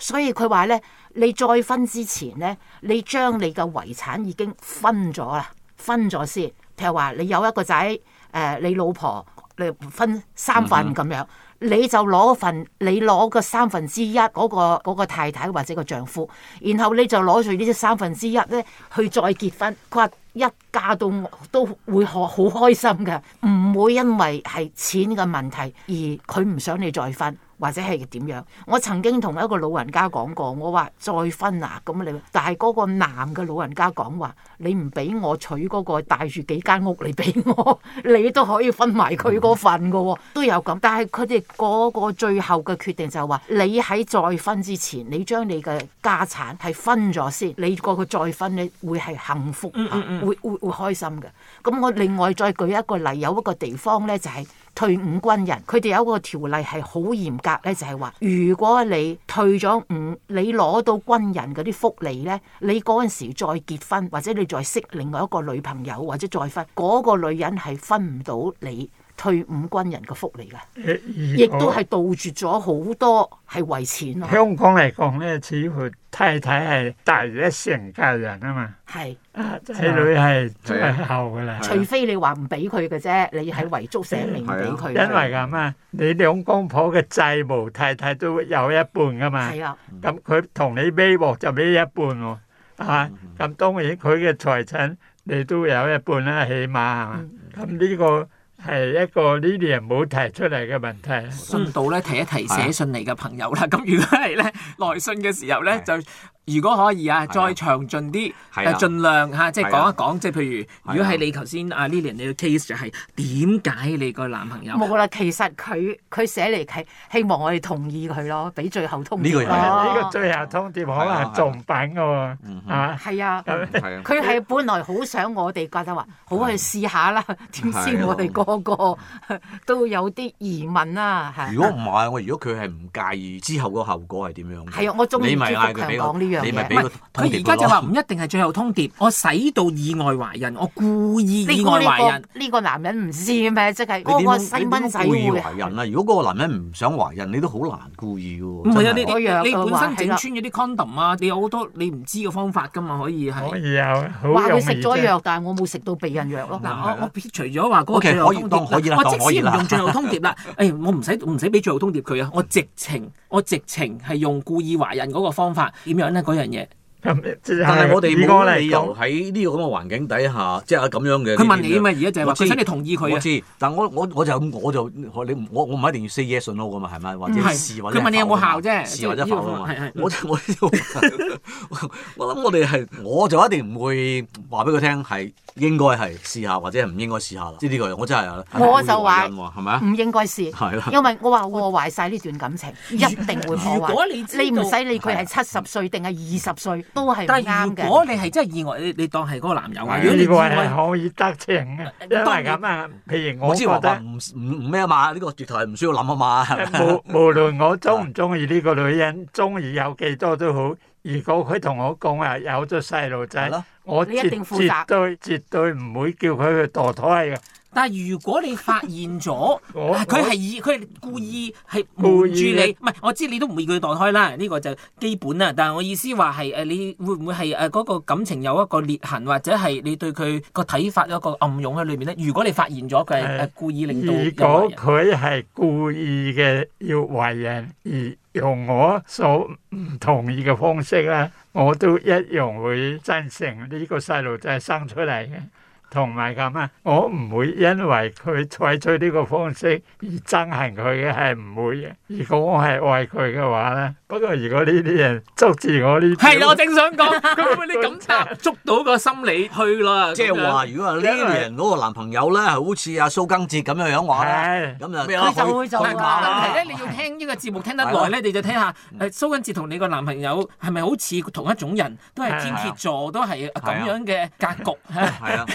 [SPEAKER 4] 所以佢話咧，你再婚之前咧，你將你嘅遺產已經分咗啦，分咗先。譬如話你有一個仔，誒、呃、你老婆，你分三份咁樣。Mm hmm. 你就攞份，你攞個三分之一，嗰個嗰個太太或者個丈夫，然後你就攞住呢啲三分之一咧去再結婚。佢話一嫁到都會好開心嘅，唔會因為係錢嘅問題而佢唔想你再婚。或者係點樣？我曾經同一個老人家講過，我話再婚啊！咁你，但係嗰個男嘅老人家講話，你唔俾我娶嗰個帶住幾間屋嚟俾我，你都可以分埋佢嗰份嘅喎，都有咁。但係佢哋嗰個最後嘅決定就係、是、話，你喺再婚之前，你將你嘅家產係分咗先，你個個再婚，咧會係幸福， 啊、會會會開心嘅。咁我另外再舉一個例，有一個地方咧就係、是。退伍軍人，佢哋有個條例係好嚴格咧，就係話，如果你退咗伍，你攞到軍人嗰啲福利咧，你嗰陣時再結婚，或者你再識另外一個女朋友，或者再婚，嗰個女人係分唔到你。退伍軍人嘅福利嘅，我亦都係
[SPEAKER 2] 杜絕咗好多係為錢咯。香港嚟講咧，似乎太太係第一繼承人啊嘛。係仔是女係最後噶啦。啊啊、除非
[SPEAKER 4] 你話唔俾佢嘅啫，你喺遺囑寫明俾佢。啊啊、因為
[SPEAKER 2] 咁啊，你兩公婆嘅債務太太都有一半噶嘛。係咁佢同你孭鑊就俾一半喎，係、啊、嘛？咁當然佢嘅財產你都有一半啦，起碼係嘛？咁呢個。嗯嗯係一個呢啲人冇提出嚟嘅問題，順道咧提一提寫信嚟嘅朋友啦。咁的如果係咧來信嘅時候咧，
[SPEAKER 1] 的就。如果可以啊，再詳盡啲，誒，盡量吓，即係講一講，即係譬如，如果係你頭先阿 Lilian 你嘅 case 就係點解你個男朋友冇
[SPEAKER 4] 啦？其實佢佢寫嚟係希望我哋同意佢咯，俾最後通牒。呢個係呢
[SPEAKER 2] 個最後通牒，可能撞版噶喎。啊，係啊，佢係
[SPEAKER 4] 本來好想我哋覺得話好去試下啦，點知我哋個個都有啲疑問啦。如果
[SPEAKER 3] 唔係我，如果佢係唔介意之後個後果係點樣？係啊，我中意堅決呢樣。你咪俾個通牒佢，而家就話唔一
[SPEAKER 1] 定係最後通牒，我使到意外懷孕，我故
[SPEAKER 3] 意意外懷孕。
[SPEAKER 4] 呢個男人唔知咩？即係我個細蚊仔故意懷
[SPEAKER 3] 孕啊！如果嗰個男人唔想懷孕，你都好難故意喎。唔係啊，你你
[SPEAKER 4] 你本身整穿
[SPEAKER 1] 咗啲 condom 啊，你有好多你唔知嘅方法噶嘛，可以係。可以
[SPEAKER 3] 啊，話佢食咗藥，
[SPEAKER 1] 但係我冇食到避孕藥咯。嗱，我撇除咗話嗰個通牒，我即使唔用最後通牒啦，我唔使唔使俾最後通牒佢啊，我直情我直情係用故意懷孕嗰個方法點樣嗰樣嘢。但係我哋冇乜理由
[SPEAKER 3] 喺呢個咁嘅環境底下，即係咁樣嘅。佢問你啊嘛，而家就係話佢想你同意佢？我知，但係我我我就我就你我我唔一定要 say yes or no 噶嘛，係咪？或者試有冇
[SPEAKER 1] 效啫。試揾一效啊嘛。我我
[SPEAKER 3] 我諗我哋係，我就一定唔會話俾佢聽，係應該係試下，或者唔應該試下啦。即係呢個我真係。我就話係咪啊？唔
[SPEAKER 4] 應該試。係咯。因為我話我壞曬呢段感情，一定會。如果你知你唔使理佢係七十歲定係二十歲。都係啱嘅。但係如果
[SPEAKER 1] 你係真係意外，你你當係嗰個男友啊。意外係可
[SPEAKER 2] 以得逞
[SPEAKER 3] 嘅。因為都係咁啊。譬如我覺得知我話唔唔唔咩嘛？呢、呢個絕對唔需要諗啊嘛。
[SPEAKER 2] 無無論我中唔中意呢個女人，中意的有幾多都好。如果佢同我講啊，有咗細路仔，的我絕一定負責絕對絕對唔會叫佢去墮胎嘅。
[SPEAKER 1] 但係如果你發現咗，佢係以佢故意係瞞住你，唔係我知你都唔會叫佢墮胎啦，呢、呢個就基本啦。但係我意思話係誒，你會唔會係誒嗰個感情有一個裂痕，或者係你對佢個睇法有一個暗湧喺裏面咧？如果你發現咗佢係故意令到，如果
[SPEAKER 2] 佢係故意嘅要懷孕，而用我所唔同意嘅方式咧，我都一樣會贊成呢個細路仔生出嚟嘅。同埋咁啊，我唔會因為佢採取呢個方式而憎恨佢嘅，係唔會嘅。如果我係愛佢嘅話咧，不過如果呢啲人捉住
[SPEAKER 3] 我呢，係我
[SPEAKER 1] 正想講，咁你咁答
[SPEAKER 3] 捉到個心理去啦，即係話如果話呢啲人嗰個男朋友咧，好似阿蘇更節咁樣樣話咧，咁就佢就會
[SPEAKER 1] 就話問題咧，你要聽呢個節目聽得耐咧，
[SPEAKER 3] 你就聽下誒蘇更節同你個男朋友係
[SPEAKER 1] 咪好似同一種人都係天蠍座，都係咁樣嘅格局嚇。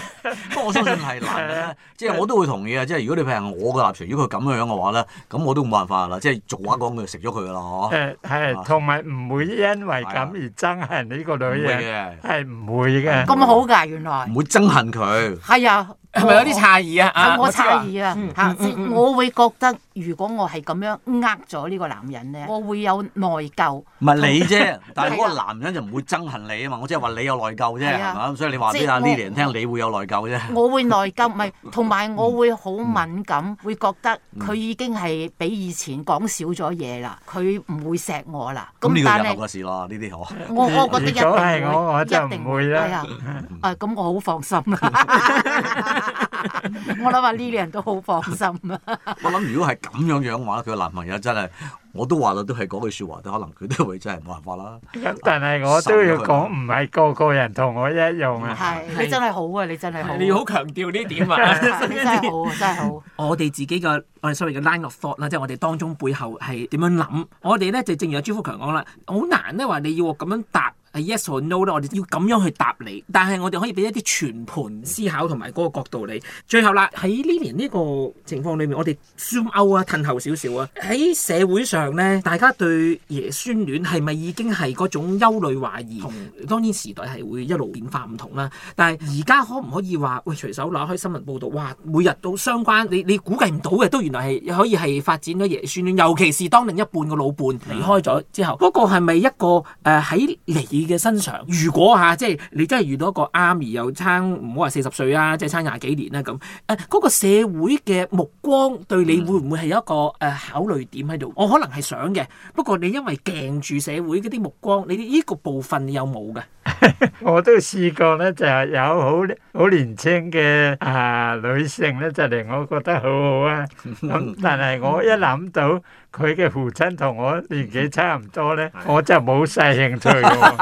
[SPEAKER 3] 不過 我相信係難咧， 啊、即係我都會同意啊！即係 如果你譬如我嘅立場，如果佢咁樣嘅話咧，咁我都冇辦法啦。即係俗話講嘅，食咗佢噶啦嗬。係，同埋唔會因為咁
[SPEAKER 2] 而憎恨呢個女人嘅，係
[SPEAKER 3] 唔、啊、會嘅。咁好噶，原來唔會憎恨佢。
[SPEAKER 4] 係啊。係咪有啲詫異啊？我詫異啊！嚇！我會覺得，如果我係咁樣呃咗呢個男人咧，我會有內疚。唔係
[SPEAKER 3] 你啫，但係嗰個男人就唔會憎恨你啊嘛！我即係話你有內疚啫，係咪啊？所以你話俾阿 Lily 聽，你會有內疚啫。我
[SPEAKER 4] 會內疚，唔係同埋我會好敏感，會覺得佢已經係比以前講少咗嘢啦，佢唔會錫我啦。咁呢個以後嘅
[SPEAKER 3] 事咯，呢啲我我我覺得如果係我，我就唔會啦。
[SPEAKER 4] 誒，咁我好放心啦。 我諗啊，呢啲人都好放心啊！
[SPEAKER 3] 我諗如果係咁樣樣嘅話，佢個男朋友真係，我都話啦，都係嗰句說話，都可能佢都會真係冇辦法啦。但係我都要講，
[SPEAKER 2] 唔係個個人同我一樣啊！係 你真
[SPEAKER 4] 係好啊！你真係好， 你好強
[SPEAKER 1] 調呢點啊！ 你真係好真係好！
[SPEAKER 4] 好
[SPEAKER 2] 我哋自己嘅我
[SPEAKER 1] 哋所謂嘅 line of thought 啦，即係我哋當中背後係點樣諗？我哋咧就正如阿朱福強講啦，好難咧話你要咁樣答。Yes or no 咧，我哋要咁樣去答你。但係我哋可以俾一啲全盤思考同埋嗰個角度你。最後啦，喺呢年呢個情況裏面，我哋 Zoom out 啊，褪後少少啊。喺社會上咧，大家對爺孫戀係咪已經係嗰種憂慮懷疑？同當然時代係會一路變化唔同啦。但係而家可唔可以話，喂，隨手攞開新聞報道，哇！每日都相關，你你估計唔到嘅，都原來係可以係發展咗爺孫戀，尤其是當另一半個老伴離開咗之後，嗰、嗯、個係咪一個誒喺你？呃嘅身上，如果吓，即係你真係遇到一個啱而又差唔好話四十歲啊，即係差廿幾年啦咁，誒嗰、嗰個社會嘅目光對你會唔會係有一個誒考慮點喺度？嗯、我可能係想嘅，不過你因為鏡住社會嗰啲目光，你呢
[SPEAKER 2] 個部分有冇嘅。 我都試過咧，就係有好好年青嘅啊女性咧，就令我覺得好好啊。咁但係我一諗到。 嗯佢嘅父親同我年紀差唔多咧，我真係冇曬興趣
[SPEAKER 4] 喎。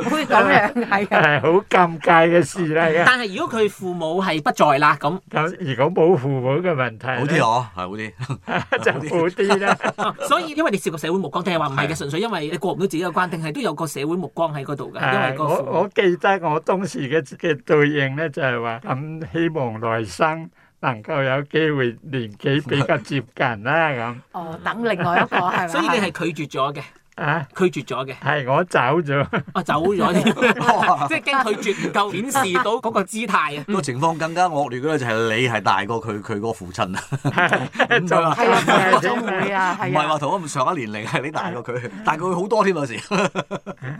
[SPEAKER 4] 咁 嘅，係啊，係
[SPEAKER 2] 好尷尬嘅事啦。但
[SPEAKER 1] 係如果佢父母係不在啦，咁咁 如果冇父母嘅問題，好啲我
[SPEAKER 3] 係好啲， 就好
[SPEAKER 1] 啲啦。 所以因為你涉及社會目光，定係話唔係嘅？是純粹因為你過唔到自己嘅關，定係都有個社會目光喺嗰度嘅？係 的我我
[SPEAKER 2] 記得我當時嘅嘅對應咧，就係話咁希望來生。能夠有機會年紀比較接近啦咁。
[SPEAKER 1] 樣哦，等另外一個係嘛？ 吧所以你係拒絕咗嘅？
[SPEAKER 2] 拒絕咗嘅，係
[SPEAKER 1] 我
[SPEAKER 3] 走咗。啊，走
[SPEAKER 1] 咗添，即係驚拒絕唔夠顯示到嗰個姿態
[SPEAKER 3] 啊！ 嗯、個情況更加惡劣嘅就係你係大過佢，佢嗰個父親、嗯 mm. 啊！唔係話中輩啊，係唔係話同我咁上下年齡？係你大過佢，大過佢好多添有時。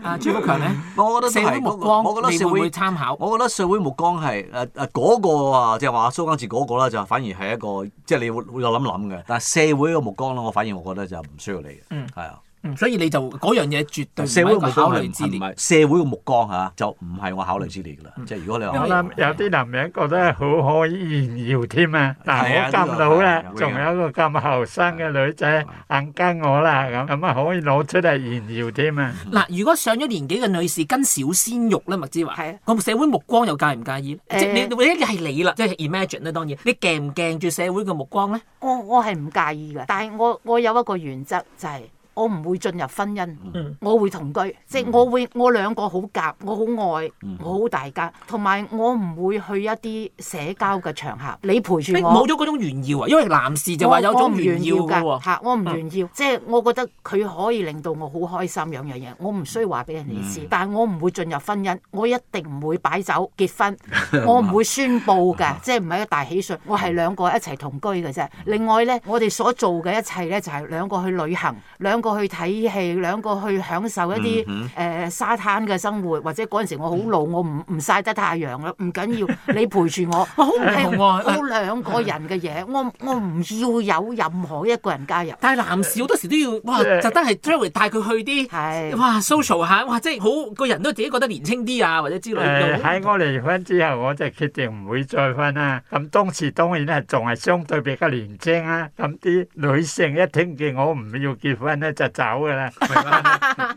[SPEAKER 3] 阿、嗯、朱福強咧，我覺得社會目光，我覺得社會參考，我覺得社會目光係誒誒嗰個啊，即係話蘇家恵嗰個啦，就反而係一個即係、就是、你會會諗諗嘅。但係社會嘅目光咧，我反而我覺得就唔需要你嘅。嗯，係啊。
[SPEAKER 1] 所以你就嗰樣嘢絕對社會
[SPEAKER 3] 唔係考慮之列，社會嘅目光吓就唔係我考慮之列噶啦。即係如果你話
[SPEAKER 2] 有啲男人覺得係好可以炫耀添啊，嗱，我咁老啦，仲有一個咁後生嘅女仔肯跟我啦，咁咁啊可以攞出嚟炫耀添啊。嗱，
[SPEAKER 1] 如果上咗年紀嘅女士跟小鮮肉咧，麥之華，我社會目光又介唔介意咧？即係你，或者係你啦，即係 imagine 咧，當然你驚唔驚住社會嘅目光咧？我我係唔介
[SPEAKER 4] 意噶，但係我我有一個原則就係。我唔會進入婚姻，我會同居，即係我會我兩個好夾，我好愛，我好大家，同埋我唔會去一啲社交嘅場合。你陪住我，冇咗
[SPEAKER 1] 嗰種炫耀啊！因為男士就話有種炫耀㗎，
[SPEAKER 4] 嚇我唔炫耀，即係我覺得佢可以令到我好開心。兩樣嘢，我唔需要話俾人哋知，但係我唔會進入婚姻，我一定唔會擺酒結婚，我唔會宣佈㗎，即係唔係一個大喜訊。我係兩個一齊同居嘅啫。另外咧，我哋所做嘅一切咧，就係兩個去旅行，兩。過去睇戲，兩個去享受一啲誒沙灘嘅生活，或者嗰陣時我好老，我唔唔晒得太陽啦，唔緊要，你陪住我。哇，好唔同喎，我兩個人嘅嘢，我我唔要有任
[SPEAKER 1] 何一個人加入。但係男士好多時都要，哇，特登係 Joey 帶佢去啲，哇 social 下，哇，即係好個人都自己覺得年青啲啊，或者之類。喺
[SPEAKER 2] 我離婚之後，我就決定唔會再婚啦。咁當時當然咧，仲係相對比較年青啊。咁啲女性一聽見我唔要結婚咧。就走噶啦，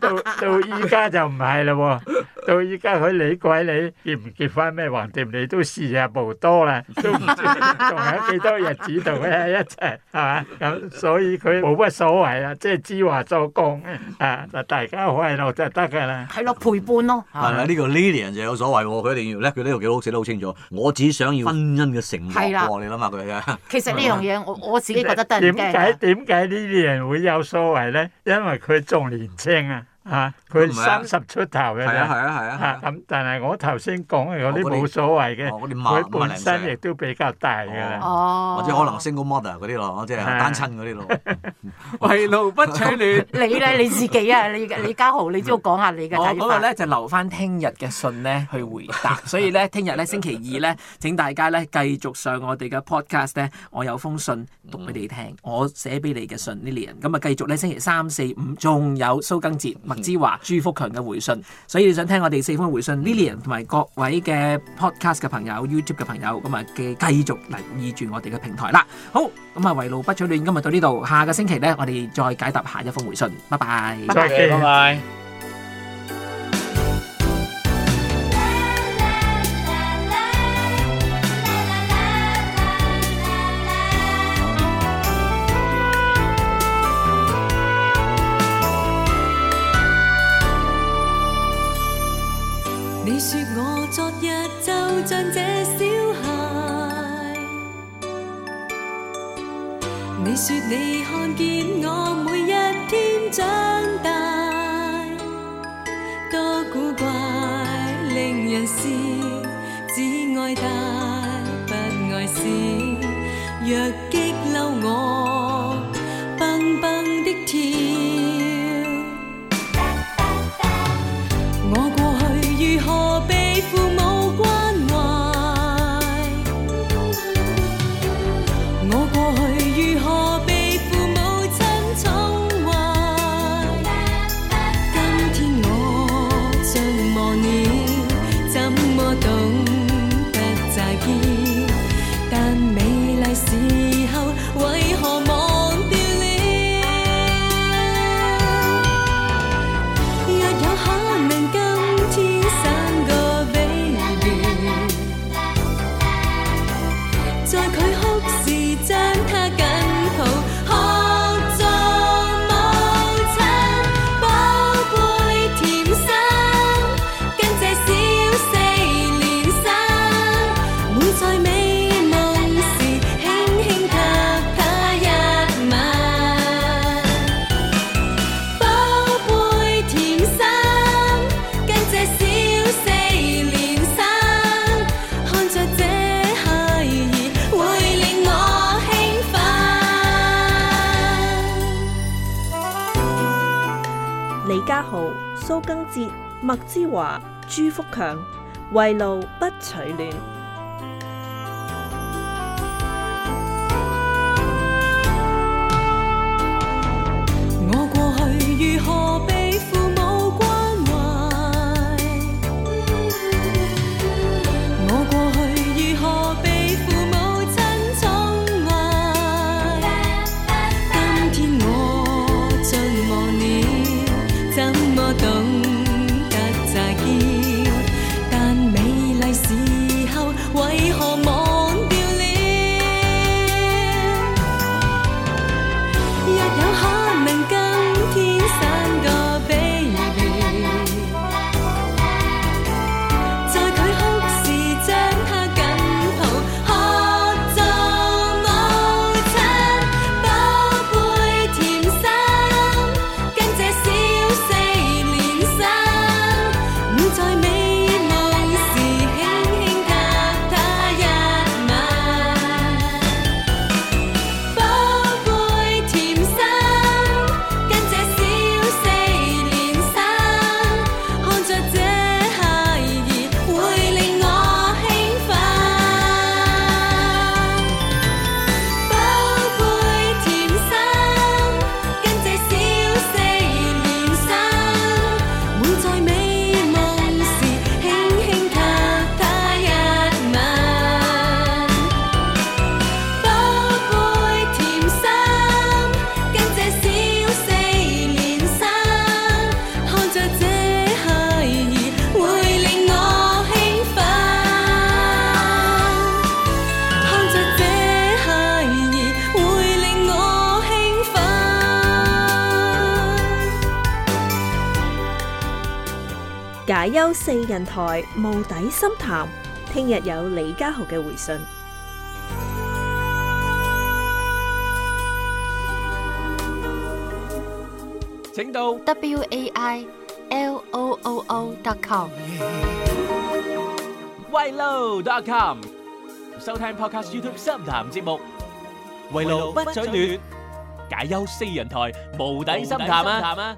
[SPEAKER 2] 到到依家就唔係啦。到依家佢理鬼你結唔結婚咩，橫掂你都時日無多啦，都唔知仲有幾多日子同佢一齊，係嘛？咁所以佢冇乜所謂啦，即係知話作工啊，大家開到就得噶啦。係咯，陪伴咯。係啊，呢
[SPEAKER 3] 個 Lilian 就有所謂喎，佢一定要叻。佢呢度幾好寫得好清楚，我只想要婚姻嘅承諾。係啦，你諗下佢啊。其實呢樣嘢，我我自己覺得真
[SPEAKER 4] 係點解
[SPEAKER 2] 點解呢啲人會有所謂咧？因為佢仲年青啊，嚇佢三十出頭嘅啫，嚇咁、啊。啊、但係我頭先講嘅嗰啲冇所謂嘅，佢、哦、本身
[SPEAKER 3] 亦都比較大嘅、哦，或者可能 single mother 嗰啲咯，即係單親嗰啲咯。 圍爐不取暖 你，你咧你
[SPEAKER 1] 自己啊，李李家豪，你都要講下你嘅。 我嗰個咧就留翻聽日嘅信咧去回答，所以咧聽日咧星期二咧，請大家咧繼續上我哋嘅 podcast 咧，我有封信讀俾你聽，我寫俾你嘅信 Lilian，咁啊繼續咧星期三、四、五仲有蘇更捷、麥之華、朱福強嘅回信，所以你想聽我哋四封回信 Lilian 同埋各位嘅 podcast 嘅朋友、YouTube 嘅朋友，咁啊嘅繼續留意住我哋嘅平台啦。好，咁啊圍爐不取暖，今日到呢度，下個星期咧。我哋再解答下一封回信，拜拜，拜拜。
[SPEAKER 5] 你說你看見我每一天長大，多古怪，令人笑。只愛大不愛小，若激嬲我，蹦蹦的天。號蘇更哲、麥之華，朱福強，圍爐不取暖。四人台無底深談，聽日有李家
[SPEAKER 1] 豪嘅回信，請到 wailoo.com。
[SPEAKER 3] wailoo.com 收聽 Podcast YouTube 深談節目，圍爐不取暖，
[SPEAKER 1] 解憂四人台無底深談啊！